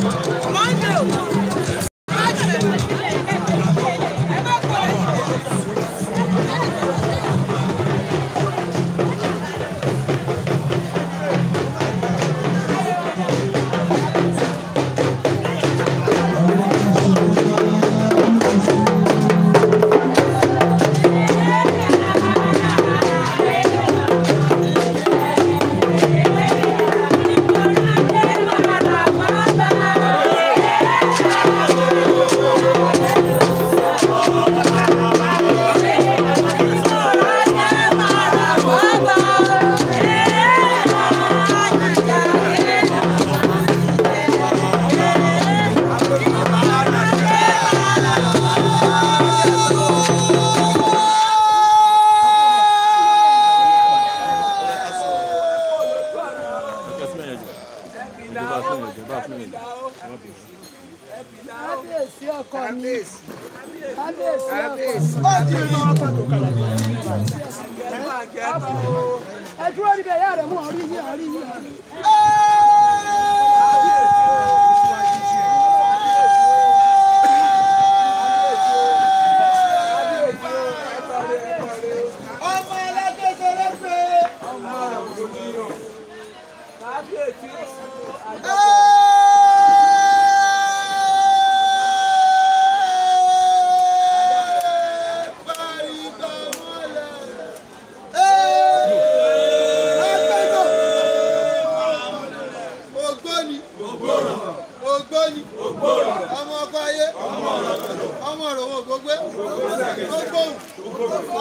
Come on, dude. kábíyèsí ọkọ mi kábíyèsí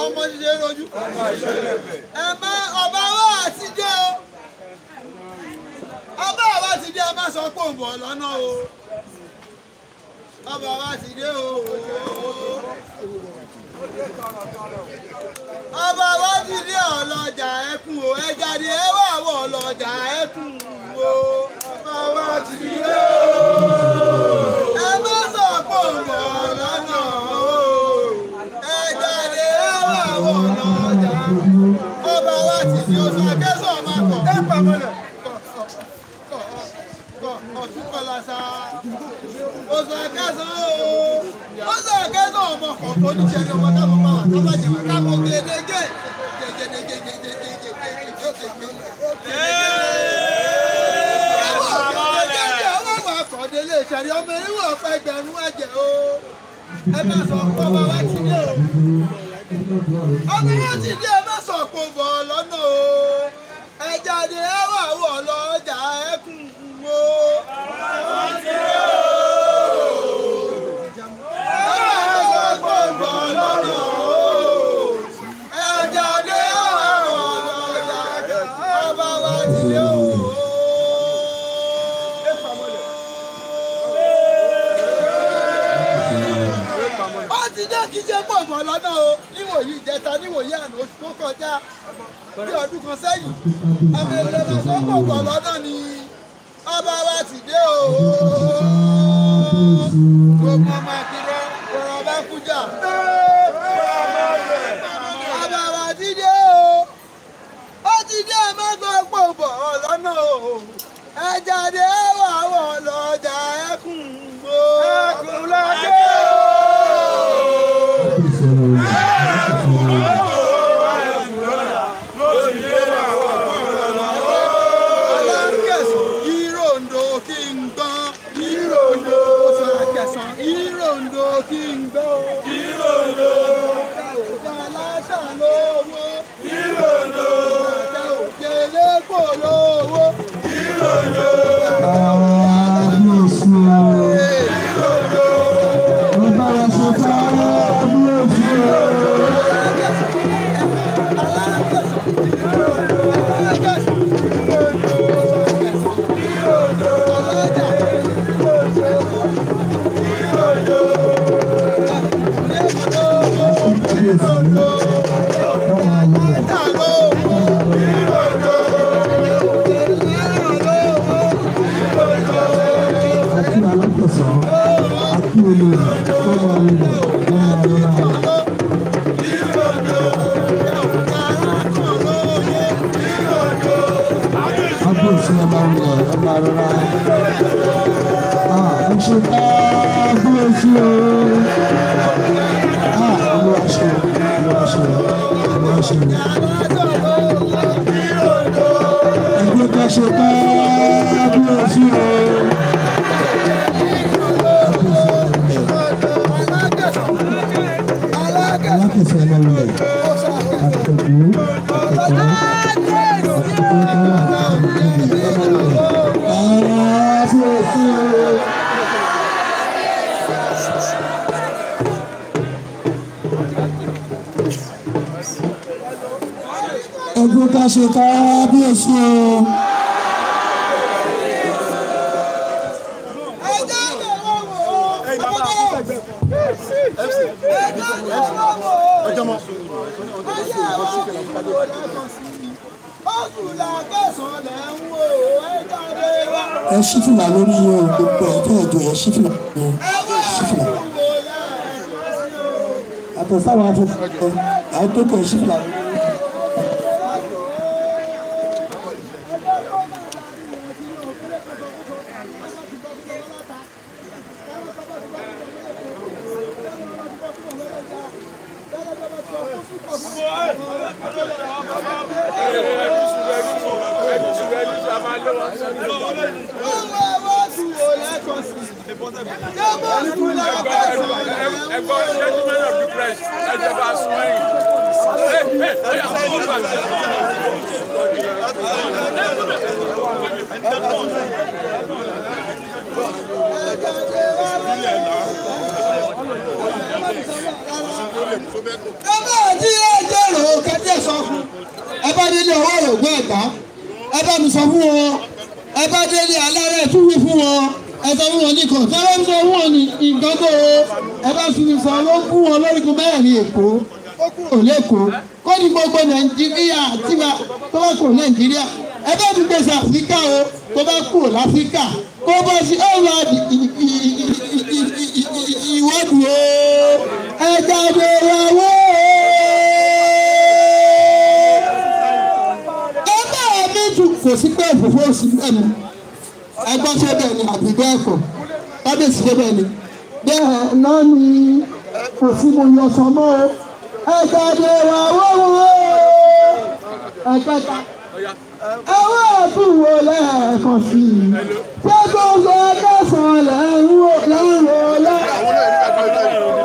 ọmọ jíjẹ rojú ẹ má ọba wa àti jẹ o ọba wa ti dé ẹ má sọ pé òun bọ̀ lọ́nà o ọba wa ti dé o ọba wa ti dé ọlọ́jà ẹkùn o ẹja ni ẹ wà wọ ọlọ́jà ẹkùn o ọba wa ti dé o ẹ má sọ pé òun bọ̀ lọ́nà. owó ẹ bá sọ fún ọba wa ti dé o ọmọ yẹn ti dé ẹmọ sọpọ bọ lọ́nà o ẹ jáde ẹ wà wọ lọ́jà ẹkùn o. ọ̀pọ̀lọ́ ìròǹdò kí n gbọ́ ìròǹdò. ọ̀tá òjá aláṣà lówó. ìròǹdò. ọ̀tá òjá elépo lówó. ìròǹdò. 是啊，不行。sífìlà lórí yín o gbogbo ẹ̀ tẹ́ ẹ̀jọ̀ yẹn sífìlà yẹn sífìlà. àtọ̀sáwọn afẹ́fẹ́ ẹ̀ sífìlà lórí. kíkọ tẹ́lẹ̀ ń sọ wọ́n ní nǹkan ló kú wọn lórígun mẹ́rin èkó ó kúrò lẹ́kọ̀ọ́ kó ní gbogbo nàìjíríà tí tó bá kúrò nàìjíríà ẹ bá gbèsè àfíríkà o tó bá kúrò láfíríkà kó bọ́ sí ọ̀la ìwọ́dù o ẹja bèrè àwọ̀ ẹ mi tún kò sí pé òfófó òsì mẹ́rin ẹgbọ́n sọ́dọ̀ ni àbí bẹ́ẹ̀ kábíyèsí débẹ̀ ni bẹ́ẹ̀ náà ni kò sí mo yọ ọsàn mọ́ o ẹ jáde wà wọ́wọ́ ẹ pẹ́ta ẹwọ́ ọ̀tún lẹ́ẹ̀kan sí i ṣé gbogbo ẹgbẹ́ sàn lẹ́rù lẹ́rù lẹ́rù.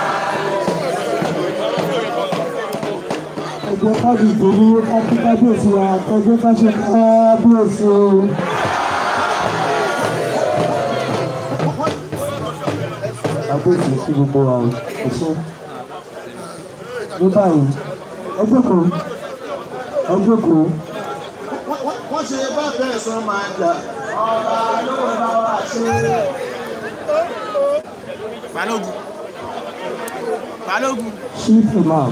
ẹ̀jẹ̀ ká dìde ní kájú kábíyèsí wa ẹ̀jẹ̀ ká ṣe kábíyèsí o. kábíyèsí sí gbogbo wa kò sí. ní báyìí ẹgbẹ́ kan ẹgbẹ́ kan. wọ́n ṣe bá bẹ́ẹ̀ sọ máa jà ọ̀rọ̀ àlọ́ ìbára ṣe. Balógun. Balógun. Chief Imam.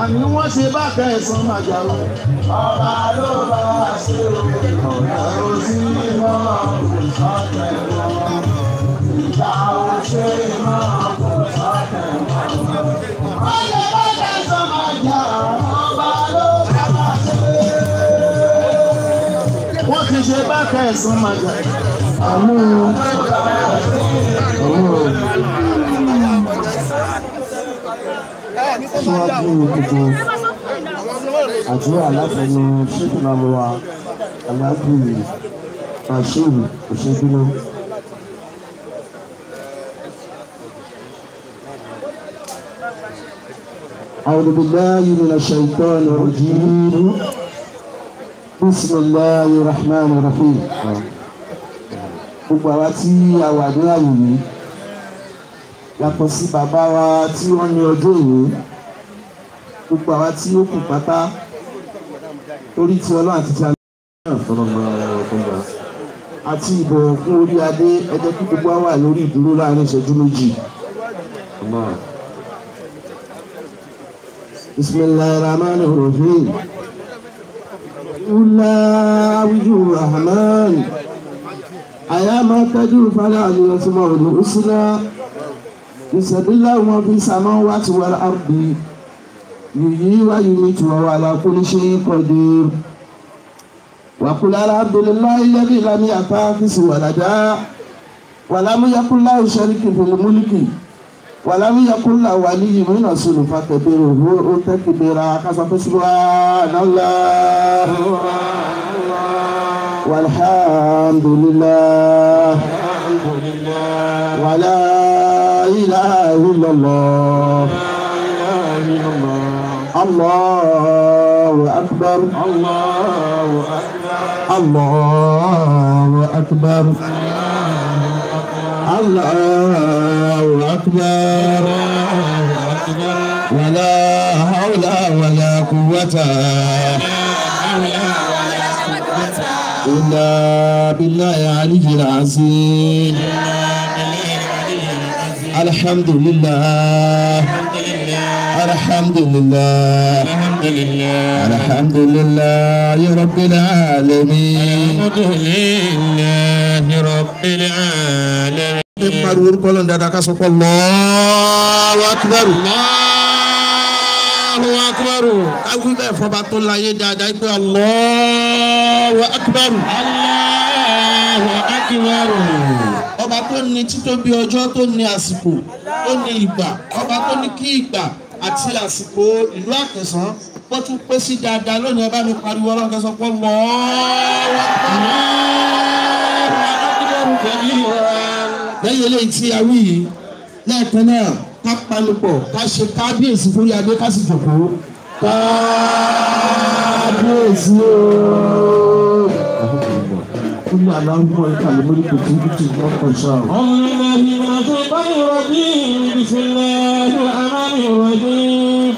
àní wọ́n ṣe bákan ẹ̀sán màjà o. ọba ló bá a ṣe o ọ̀gá ò sí mọ́ ọ̀tẹ̀ wọn ìgbà ò ṣe mọ́ ọ̀tẹ̀ wọn. wọ́n ṣe bákan ẹ̀sán màjà ọba ló bá a ṣe. wọ́n ti ṣe bákan ẹ̀sán màjà. àmú o àmú o. síwájú gbogbo àdúrà látẹnu ṣẹ́kùnmáwó wa aláàbò rasheed òṣèdúró. أعوذ بالله من الشيطان الرجيم بسم الله الرحمن الرحيم gbogbo àwa tí a wà ní àwòrán yàtọ̀ sí bàbá wa tí wọ́n ní ọjọ́ òní gbogbo àwa tí ó kù pátá lórí ti ọlọ́run àti ti alẹ́ àti ìbọ̀wọ̀ fún orí adé ẹjẹ́ kí gbogbo wà lórí ìdúró láàrin ìṣẹ́jú méjì. bisimilahi rahman rahim wula awiju rahman ayama taju fala aliyasuma olùsúná ìṣẹ̀dúlá wọn fi sàmọ́ ti wà á يحيي ويميت وهو على كل شيء قدير وقل الحمد لله الذي لم يتخذ ولدا ولم يكن له شريك في الملك ولم يكن له ولي من الرسل فكبره تكبيرا حسب سبحان الله والحمد لله ولا اله الا الله الله أكبر الله أكبر الله أكبر الله أكبر ولا حول ولا قوة إلا بالله العلي العظيم الحمد لله الحمد لله الحمد لله الحمد لله رب العالمين الحمد لله رب العالمين ìpariwo orúkọ lọ́nà dáadáa ká sọ pé Allahu Akbar. Allahu Akbar. káwí bẹ́ẹ̀ fọba tó láyé dáadáa pé Allahu Akbar. Allahu Akbar. ọba tó ní títóbi ọjọ́ tó ní àsìkò tó ní ìgbà ọba tó ní kí ìgbà àti àsìkò ìlú àkẹsàn wọ́n tún pé sí dáadáa lónìí ẹ bá mi pariwo ọlọ́run kẹsàn pọ̀ mọ́ lẹ́yìn eléyìí tí a wí yìí lẹ́ẹ̀kan náà ká panupọ̀ ká ṣe kábíyèsí fúnlẹ̀ adé ká sì jòkó kábíyèsí ooo. كل علام ولك الملك في كل شاء أعوذ بالله من الشيطان الرجيم بسم الله الرحمن الرحيم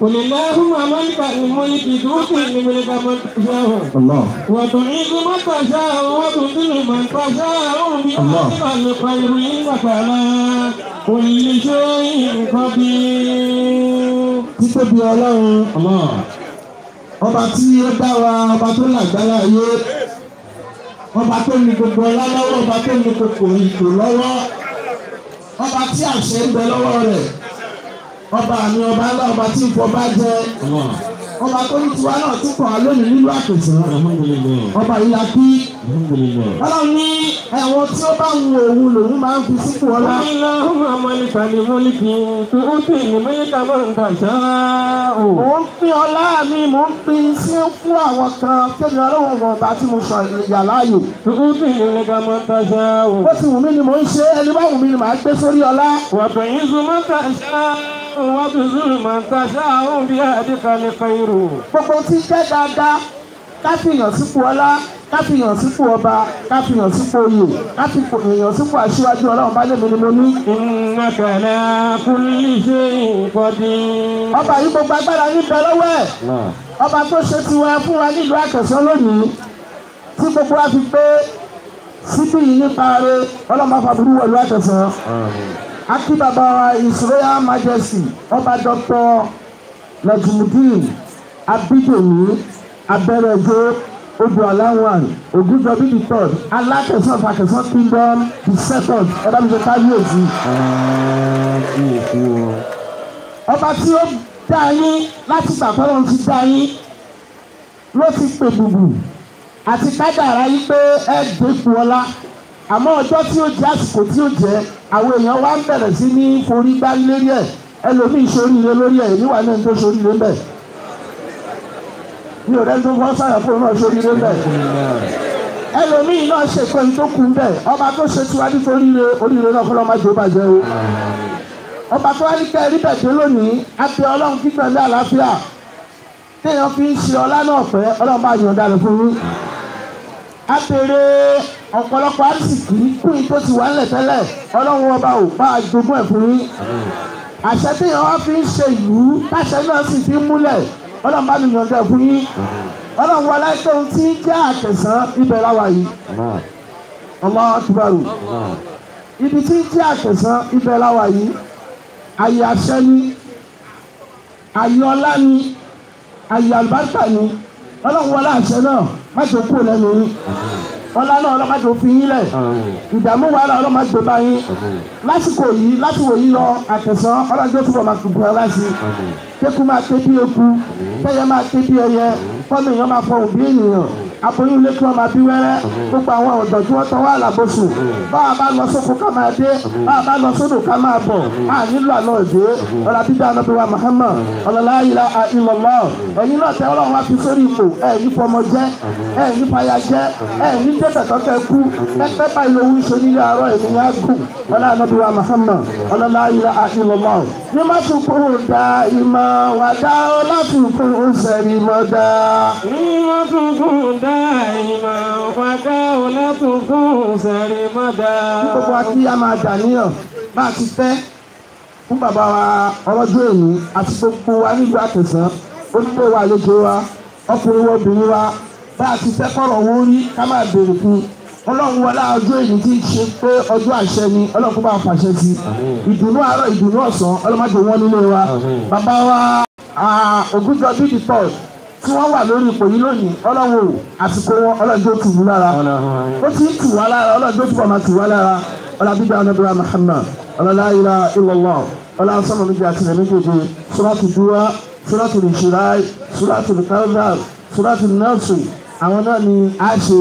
قل اللهم ملك الملك تؤتي الملك من تشاء الله وتعيد من تشاء وتذل من تشاء بأمرك الخير إنك على كل شيء قدير títóbi ọlọ́run ọba tí ó dá wa ọba tó lágbára yé ọba tó ní gbogbo ọlá lọ́wọ́ ọba tó ní gbogbo ìtò lọ́wọ́ ọba tí àṣẹ ń bẹ lọ́wọ́ rẹ̀ ọba àmì ọba ńlá ọba tí ìfọba jẹ ọba tó ní tiwa náà tún kàn án lónìí nílùú àpèjì ọba yìí la bí ọlọ́run ní ẹ̀wọ̀n tí ó bá wù òun lòun máa ń fi sípò ọlá. ọlọ́run àmọ́ nípa ni mo ní kí n ó pè ní mẹ́ríkà nǹkan ṣá o. mò ń fi ọlá mi mò ń fi sí fún àwọn kan kéde ọlọ́run ọ̀gbọ̀n bá tí mo sọ ìyà láàyò. ó pè ní mẹ́ríkà nǹkan ṣá o. ó ti wù mí ni mò ń ṣe ẹni bá wù mí ni màá gbé sórí ọlá. wàbẹ̀yìn sọ mọ́ nǹkan ṣá wàtúnṣúrù mọ̀tàṣá àwọn bí àdìkalẹ̀ fẹ́rù. gbogbo tí ń jẹ́ dáadáa ká fi yàn sípò ọlá ká fi yàn sípò ọba ká fi yàn sípò oyè ká fi yàn sípò aṣíwájú ọlọ́run bá lèmi ni mo ní. iná kẹlẹ kúnlí ṣe ìkọdí. ọba yìí gbogbo agbára níbẹ̀ lọ́wọ́ ẹ̀ ọba tó ṣe tiwa fún wa nílùú àkẹsàn lónìí tí gbogbo wa fi gbé síbí yìí nípa rẹ ọlọ́mọ afábúrú wọ̀lú àkẹsàn àti bàbá wa his majesty ọba dr najimudin abidomi abẹrẹjẹ odualawan ogunjọbi the third alákẹsàn fàkẹsàn kingdom the second ẹdábìsẹ kábíyèsí. ọba tí ó dá yín láti gbàgbọ́n ti dá yín ló ti pè bùbù àti kádàrá yín pé ẹ dẹ́kun ọlá àmọ́ ọjọ́ tí ó jẹ́ àsìkò tí ó jẹ́ àwọn èèyàn wá ń bẹ̀rẹ̀ sí ní forí gbá lórí ẹ̀ ẹlòmíì ṣoríire lórí ẹ̀ èmi wà náà ń tó ṣoríire bẹ́ẹ̀ mi ò rẹ́ni tó fọ́ sáyà fún un náà ṣoríire bẹ́ẹ̀ ẹlòmíì náà ṣe pé ní tó kù ń bẹ̀ ọba tó ṣe tiwa nítorí oríire náà fọlọ́ má jò bàjẹ́ o ọba tó wá ní kẹ́ ẹ rí bẹ̀dẹ̀ lónìí á pe ọlọ́run kíkọ́ ní àlàáfíà téèyàn fi ń ṣe ọlá náà fẹ́ ọlọ́run bá yàn dànù fún yín á pe ọ̀pọ̀lọpọ̀ àrísìkì kún tó ti wà nílẹ̀ tẹ́lẹ̀ ọlọ́run ọba ò bá jogún ẹ̀ fún yín. àṣẹ tí ìyàwó fi ń ṣe ìlú táṣẹ náà sì fi ń múlẹ̀ ọlọ́run bá mi yànjọ ẹ̀ fún yín. ọlọ́run wọlé tó ń tí jẹ́ àtẹ̀sán ibẹ̀ láwa yìí. ọmọ tubaru ibi tí jẹ́ àtẹ̀sán ibẹ̀ láwa yìí ayé àṣẹ ni ayé ọlá ni ayé àlùbáríkà ni ọlọ́run wọlé àṣẹ náà má ṣe kú lẹ́nu yín ọlá náà ọlọ́mọdé òfin yín lẹ̀ ìdààmú wàhálà ọlọ́mọdé bá yín lásìkò yìí láti wòyí lọ àtẹ̀sán ọlọ́dún tó túbọ̀ máa gbogbo ọlá sí i kéku máa tẹ́ bí eku kẹ́yẹ máa tẹ́ bí ẹyẹ fọ́nù èèyàn máa fọ òbí ènìyàn aboyún ilé máa bí wẹ́rẹ́ gbogbo àwọn ọ̀dọ́ tí wọ́n tán wà lábòsù báwa bá lọ sóko ká máa dé báwa bá lọ sódò ká máa bọ̀ a nílò àná òde ọ̀là bíbí anábí wa ọ̀làlá ayílá ìlọ̀lọ́ ẹ̀yin náà tẹ ọlọ́run wá fi sórí ipò ẹ̀yin fọmọ jẹ́ ẹ̀yin fàyà jẹ́ ẹ̀yin tẹ̀tẹ̀tọ́kẹ́ kú pẹ́pẹ́ báyìí lówó ń nílé àárọ̀ ènìyàn kù ọ̀là ìmọ̀ fàkà ọlọ́tún fún sẹ̀rí mọ́dà. gbogbo àti a máa jà níyàn bá a ti fẹ́ fún bàbá wa ọlọ́jọ́ èyí àti gbogbo wa nílùú àtẹ̀sán onílé wa àlejò wa ọkùnrin wa obìnrin wa bá a ti fẹ́ kọ̀rọ̀ wọn rí ká máa béèrè fún ọlọ́run wọlé ọjọ́ èyí tí ń ṣe pé ọjọ́ àṣẹ ni ọlọ́run kó bá fàṣẹ sí ìdùnnú àárọ̀ ìdùnnú ọ̀sán ọlọ́mọdé wọn nílé wa bàbá wa ògúnjọ bíbí tọ́ọ̀ tí wọ́n wà lórí ipò yìí lónìí ọlọ́run àsìkò wọn ọlọ́jọ́ tù wú lára ó ti ń tù wá lára ọlọ́jọ́ tù ọmọ tù wá lára ọlọ́bíbí anábíra Muhammad ọlọ́lá ilá ìlọ́lọ́ ọlá sọ́nà níbi àtìlẹ́ méjèèjì sọ́láàtì dúró sọ́láàtì nìṣúráì sọ́láàtì nìkàlùdàr sọ́láàtì nọ́ọ̀sì àwọn náà ni a ṣe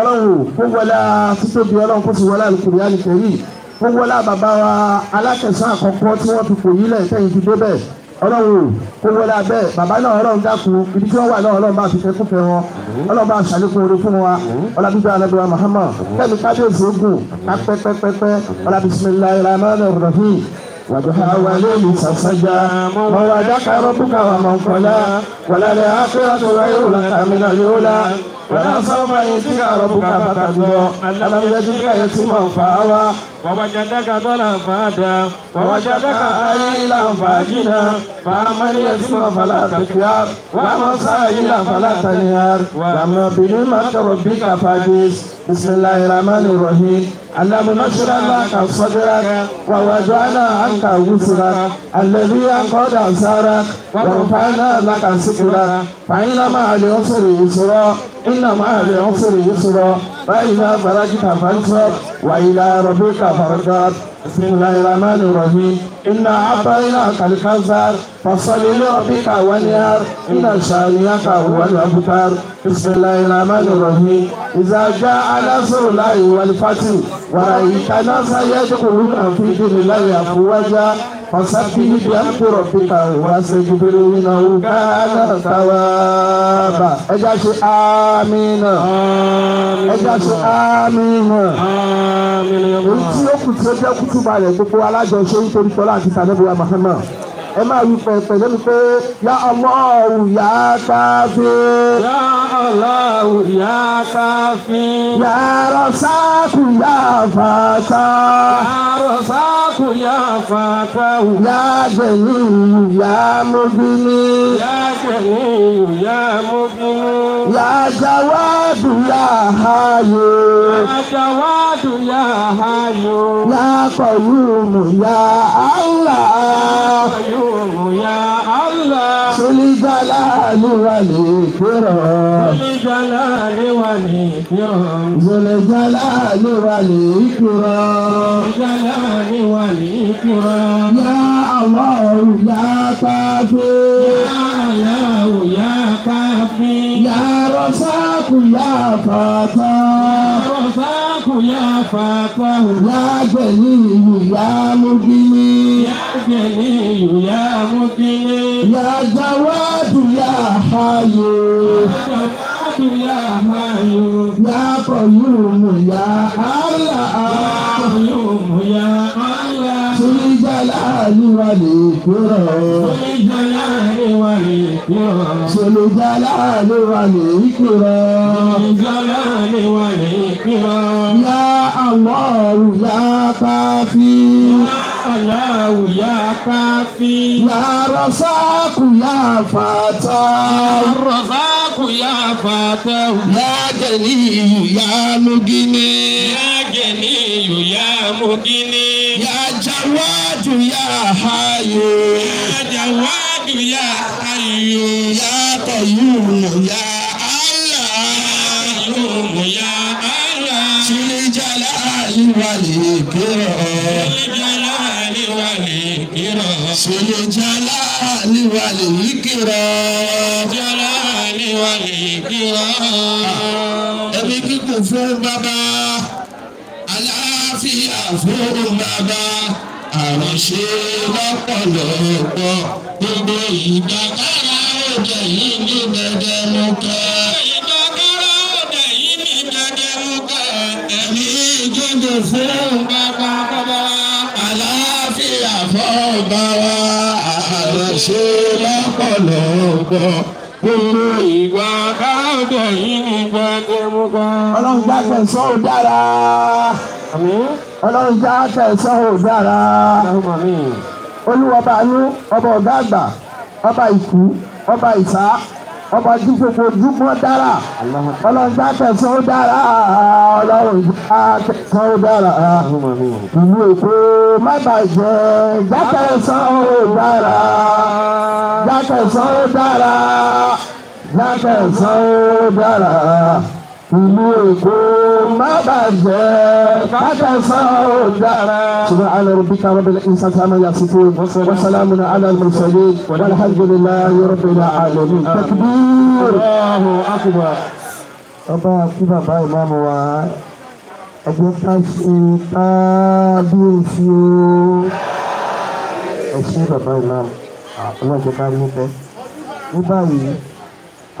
ọlọ́run kó wọlé títóbi ọlọ́run kó sì wọlé àlùkùránì ọlọ́run kó wọlé abẹ́ bàbá náà ọlọ́run dákun ibi tí wọ́n wà náà ọlọ́run bá fi fẹ́ kúfẹ́ wọn ọlọ́run bá ṣàlékún oore fún wa ọlábíbí alábíwá Muhammad kẹ́mi kábíyèsí ogun apẹ́pẹ́pẹ́pẹ́ ọlábísímíláì rámánà rọ̀hìn وبحوالين فسجا ووعدك ربك ربك فترضى ألم يجدك يتيما فآوى ووجدك ضلا فأدعى ووجدك عائلا فأجنا فمن يسمع فلا تكيار ومن سائلا فلا تنهار وما بنعمة ربك فاجز بسم الله الرحمن الرحيم اللهم اشرح لك صدرك ووجعنا عنك وزرك الذي انقض انصارك ورفعنا لك سكرك فإن مع العسر يسرا إن مع العسر يسرا وإلى فرجت فانصب وإلى ربك فارغب بسم الله الرحمن الرحيم إنا أعطيناك الكوثر فصل لربك وانهر إن شانئك هو الأبتر بسم الله الرحمن الرحيم إذا جاء نصر الله والفتح ورأيت الناس يدخلون في دين الله أفواجا فسبح بحمد ربك واستغفره إنه كان توابا ẹ já ṣe amínà ẹ já ṣe amínà èyí tí ó kù tí ó jẹ́ kútù balẹ̀ gbogbo alájọṣe nítorí tọ́lá àti sàdébùwà mahama ẹ máa wí pẹ̀pẹ̀ lẹ́nu pé yá Allahu yá káfí. yá Allahu yá káfí. yá Razzaq yá fàtà. yá Razzaq. يا فتاه يا سميع يا مبني يا سميع يا مبني يا جواد يا حي يا جواد يا حي يا قيوم يا الله قيوم يا الله ذو الجلال والإكرام ذو الجلال والإكرام ذو الجلال والإكرام ذو الجلال والإكرام Ya Allah, ya yá ya Allah, ya yá ya Yá ya yá fàtà. Yá Rọ́sákù yá fàtà. ya Jẹ̀líyù ya Mùkíní. Yá Jẹ̀líyù yá Mùkíní. Yá Jawadu ya Hayyu. ya Jawadu. ya حيوم ya قيوم يا الله jalaali wà lè kúrọ̀. Sọlọ jalaali wà lè kúrọ̀. Ya Allahu ya kafi. Ya Allahu ya kafi. Ya Rasaku ya fata. Ya Rasaku ya fata. Ya Ganiyu ya mugini. Ya Ganiyu ya mugini jawadu ya hayo. ya jawadu ya hayo. ya Allah. ya kọyumu ya Allah. sili jala iwali kiro. sili jala iwali kiro. sili jala iwali kiro. jala iwali kiro. ẹbí kíkún fún bàbá aláàfíà fún bàbá àròṣe lọ́pọ̀lọpọ̀ gbogbo ìdákàrà òde yìí ní gbẹdẹmukẹ. ìdákàrà òde yìí ní gbẹdẹmukẹ. ẹ̀mí ìjọba fún bàbá bàbá. àlàáfíà fún bàbá àròṣe lọ́pọ̀lọpọ̀ gbogbo ìgbà káàdọ̀ yìí ní gbẹdẹmukẹ. ọlọ́run gbàgbẹ́ sọ́ọ̀ dára. àmín ọlọ́run já tẹ̀sán ò dára olúwọba ayé ọba ọ̀gá àgbà ọba ìkú ọba ìsá ọba tí gbogbo ojúmọ́ dára ọlọ́run já tẹ̀sán ó dára ọlọ́run já tẹ̀sán ó dára ìlú èkó má bàjẹ́ já tẹ̀sán ó dára já tẹ̀sán ó dára já tẹ̀sán ó dára ìlú èkó má bàjẹ́ mákàsá ò dára. subhana rabbika rabbil izzati amma yasifun wa salamun ala al-mursalin Allahu akbar. ọba kí bàbá ìmáàmù wa ẹgbẹ́ ká ṣe kábíyèsí o. ẹ ṣe bàbá ìmáàmù ọlọ́jọ́ ká ló bẹ́. ní báyìí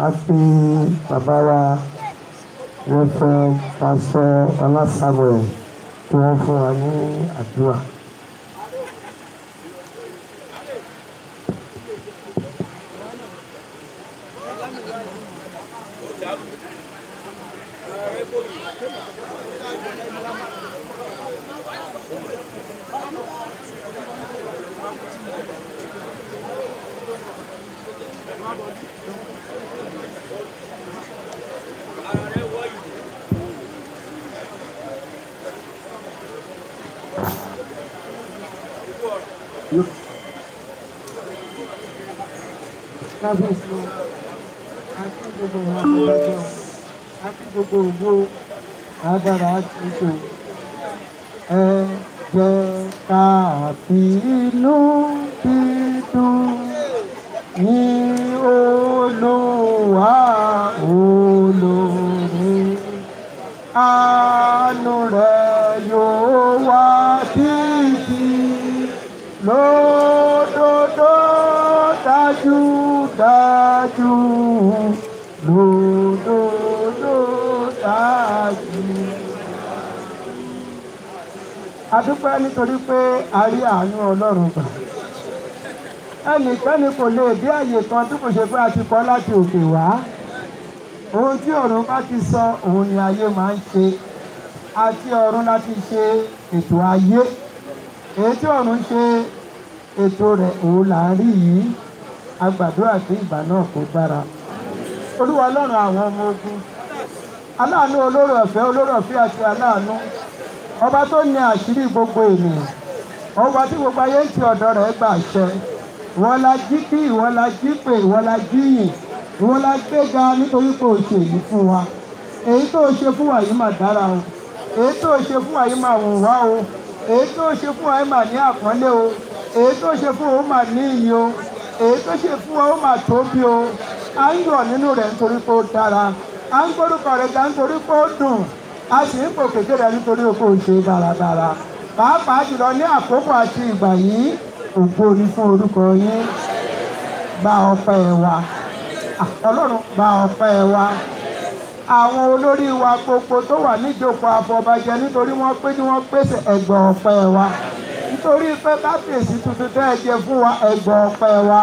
a pe bàbá wa wọ́n fọ aṣọ ọlọ́sàbọ̀ tí wọ́n fún wa ní àdúrà. kábíyèsí àti gbogbo àwọn ọmọ àti gbogbo ògbó agbára àtúntò ẹ jẹ́ ká fi inú. adúpẹ́ nítorí pé a rí àánú ọlọ́run gbà ẹnìkẹ́ni kò lè dé àyè kan tí kò ṣe pé a ti kọ́ láti òkè wá ohun tí ọ̀run bá ti sọ òun ni ayé máa ń ṣe àti ọ̀run láti ṣe ètò ayé èyí tí ọ̀run ṣe ètò rẹ̀ òun là ń rí yìí a gbàdúrà sí ìgbà náà kó gbára olúwa ọlọ́run àwọn ọmọ ogun aláàánú olóró ọ̀fẹ́ olóró ọ̀fẹ́ àti aláàánú ọba tó ní àṣírí gbogbo ènìyàn ọba tí gbogbo ayé ń ti ọ̀dọ̀ rẹ̀ gbà ṣẹ ìwọ́n la jí kí ìwọ́n la jí pè ìwọ́n la jí yìn ìwọ́n la gbéga nítorí pé o ṣe èyí fún wa èyí tó o ṣe fún wa yìí mà dára o èyí tó o ṣe fún wa yìí mà wù wá o èyí tó o ṣe fún wa yìí mà ní àpọ́nlé o èyí tó ṣe fún ọ mà ní iyì o èyí tó ṣe fún ọ mà tóbi o à ń yọ̀ nínú rẹ̀ nítorí pé ó dára à ń gbórúkọ rẹ̀ ga nítorí pé ó dùn a sì ń pòkè kéde nítorí oko ìṣe dáradára pàápàá jùlọ ní àkókò àti ìgbà yìí ògbó ni fún orúkọ yín bá ọpẹ́ wa Ọlọ́run bá ọpẹ́ wa àwọn olórí wa gbogbo tó wà níjókòó àfọbàjẹ nítorí wọ́n pé ní wọ́n pèsè ẹgbọn ọpẹ́ wa nítorí pé kábíyèsí tuntun tẹ́ ẹ jẹ fún wa ẹgbọn ọpẹ́ wa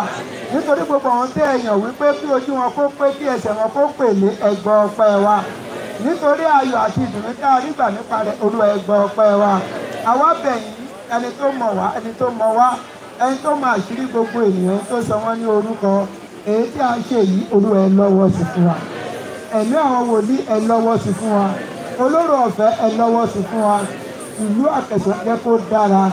nítorí gbogbo àwọn tẹ́ ẹ yàn wípé kí ojú wọn kó pé kí ẹsẹ̀ wọn kó pèlé ẹgbọn ọpẹ́ wa nítorí ayọ̀ àti ìdùnnú tá a rí gbà nípa rẹ̀ olúwa ẹ gbọ́ ọpẹ́ wa àwa bẹ̀yìn ẹni tó mọ̀ wá ẹni tó mọ̀ wá ẹni tó mọ̀ àṣírí gbogbo ènìyàn tó sọ wọ́n ní orúkọ èyí tí a ṣe yìí olúwa ẹ lọ́wọ́ sí fún wa ẹ̀mí àwọn wòlíì ẹ lọ́wọ́ sí fún wa olóró ọ̀fẹ́ ẹ lọ́wọ́ sí fún wa ìlú àkẹsàn kó dára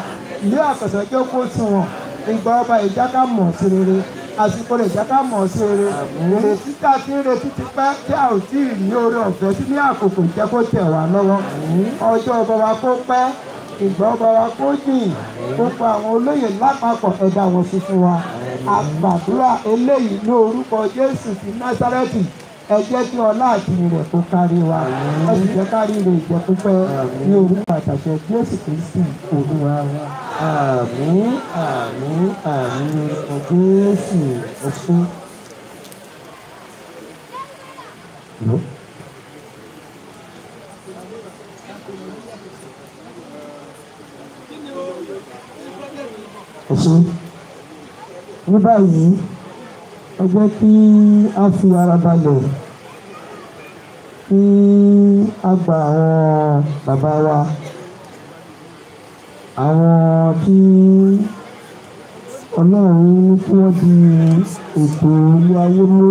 ìlú àkẹsàn jẹ́ kó sunwọ̀n ìgbà ọba ìjákà mọ̀ sí rere àsìkò rẹ̀ jẹ́ ká mọ̀ sí eré èrè títà tí ń retí ti pẹ́ tí a ò tí ì rí oore ọ̀fẹ́ sí ní àkókò jẹ́ kó tẹ̀ wá lọ́wọ́ ọjọ́ ọba wa kó pẹ́ ìgbà ọba wa kó jìn gbogbo àwọn olóyè lápapọ̀ ẹ̀dá wọn tuntun wa àgbàdúrà eléyìí ní orúkọ Jésù ti Násárẹ́tì ẹ jẹ́ ọlá àti ìrẹ̀ kó kárí wa ẹ sì kárí ire ìjẹ́ pípẹ́ ní orúkọ àtàṣẹ Jésù Kristi Olúwa wa. àmín àmín àmín orúkọ Jésù ní báyìí ẹ jẹ́ kí a fi ara balẹ̀ kí a gba àwọn bàbá wa àwọn tí ọlọ́run ní kí wọ́n di ètò ilé ayé mú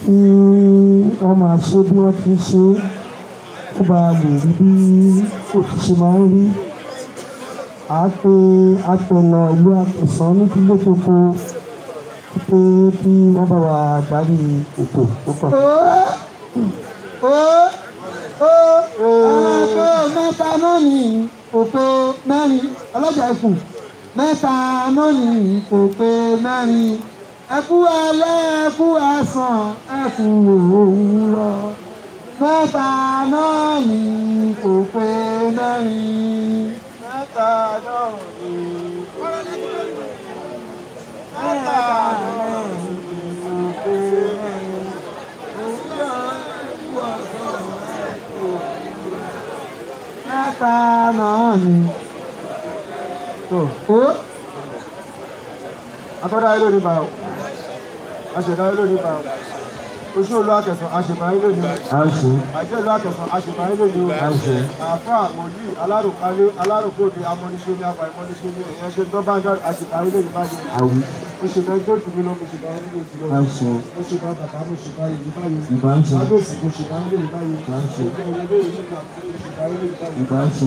kí wọ́n máa ṣe bí wọ́n ti ṣe kó ba lè rí bí kò máa ń rí àápe àtẹnà ìlú àtẹ̀sán ní ilé tuntun pé kí wọ́n bá wa darí ètò tó kàn. ó ó ó àpò mẹ́ta mọ́nì òpó mẹ́rin ọlọ́jà ẹ̀sùn mẹ́ta mọ́nì òpó mẹ́rin ẹkú alẹ́ ẹkú ẹ̀sán ẹkú òwúrọ̀ mẹ́ta mọ́nì òpó mẹ́rin mẹ́ta mọ́nì mẹ́ta náà ni. tó o atọ́dá ilé ní báyọ̀ a ṣẹ̀dá ilé báyọ̀ ojú olú àkẹsàn àṣemáyé lónìí. àṣe. àjọ olú àkẹsàn àṣemáyé lónìí. àṣe. àfa mọ̀lú alárùkálé alárùkóde amọ̀níṣe ní àbá ìmọ̀níṣe ní ẹ̀yẹ́ ṣe gbọ́ báńdà àṣemáyé lónìí bá yẹn. àwí. oṣù náà tó dùn mí lọ oṣù náà nílò ìdílé. àṣe. oṣù náà bàbá mi oṣù báyìí ní báyìí. ìbáṣe. kábíyèsí oṣù náà nílò ìbáyìí. ìbáṣe.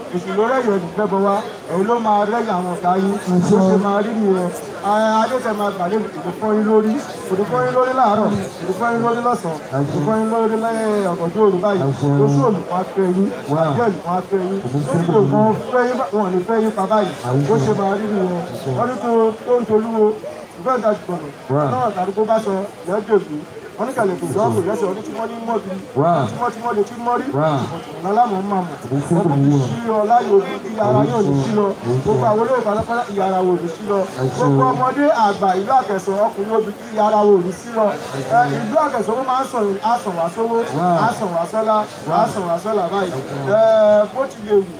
ìṣòro rẹ̀yìn òdìgbẹ́bọ wa òun ló máa rẹ̀yìn àwọn ọ̀tá yín bó ṣe máa rí nìyẹn adéṣe máa gbàlẹ́ ìdòfọ́yín lórí ìdòfọ́yín lórí láàárọ̀ ìdòfọ́yín lórí lọ́sàn-án ìdòfọ́yín lórí lẹ́yìn ọ̀gànjọ́ òru báyìí oṣù olùkọ́ afẹ́ yín àjọ olùkọ́ afẹ́ yín oṣù olùkọ́ fẹ́ yín wọn ní fẹ́ yín pa báyìí bó ṣe máa rí nìyẹn wọ́n ní tó ń tolúwo ìfẹ́ ìdájú wọ́n ní kàlẹ́ kò sọ́ọ́ kò yẹ́sẹ̀ wọ́n ní tí wọ́n ní mọ́ bí tí wọ́n tí wọ́n lè tí mọ́ rí lọ́lámù ń máa mọ̀ wọ́n kò ní sí ọ láyò ní ìyàrá yóò ní sí lọ gbogbo àwọn olóògbé alápàdà ìyàrá wò ní sí lọ gbogbo ọmọdé àgbà ìlú àkẹsọ̀ ọkùnrin obì ìyàrá wò ní sí lọ ìlú àkẹsọ̀ ó máa ń sọ̀rọ̀ àsọ̀wàsówó àsọ̀wàsọ́lá àsọ̀wàsọ́lá báyìí bó ti lè wù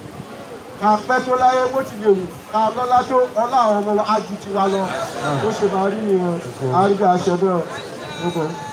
àpẹ tó láyé bó ti lè wù ká lọ́lá tó ọlá àwọn ọmọ ajú tiwa lọ ó ṣe máa rí nìyẹn àrígbà àṣẹ bẹ́ẹ̀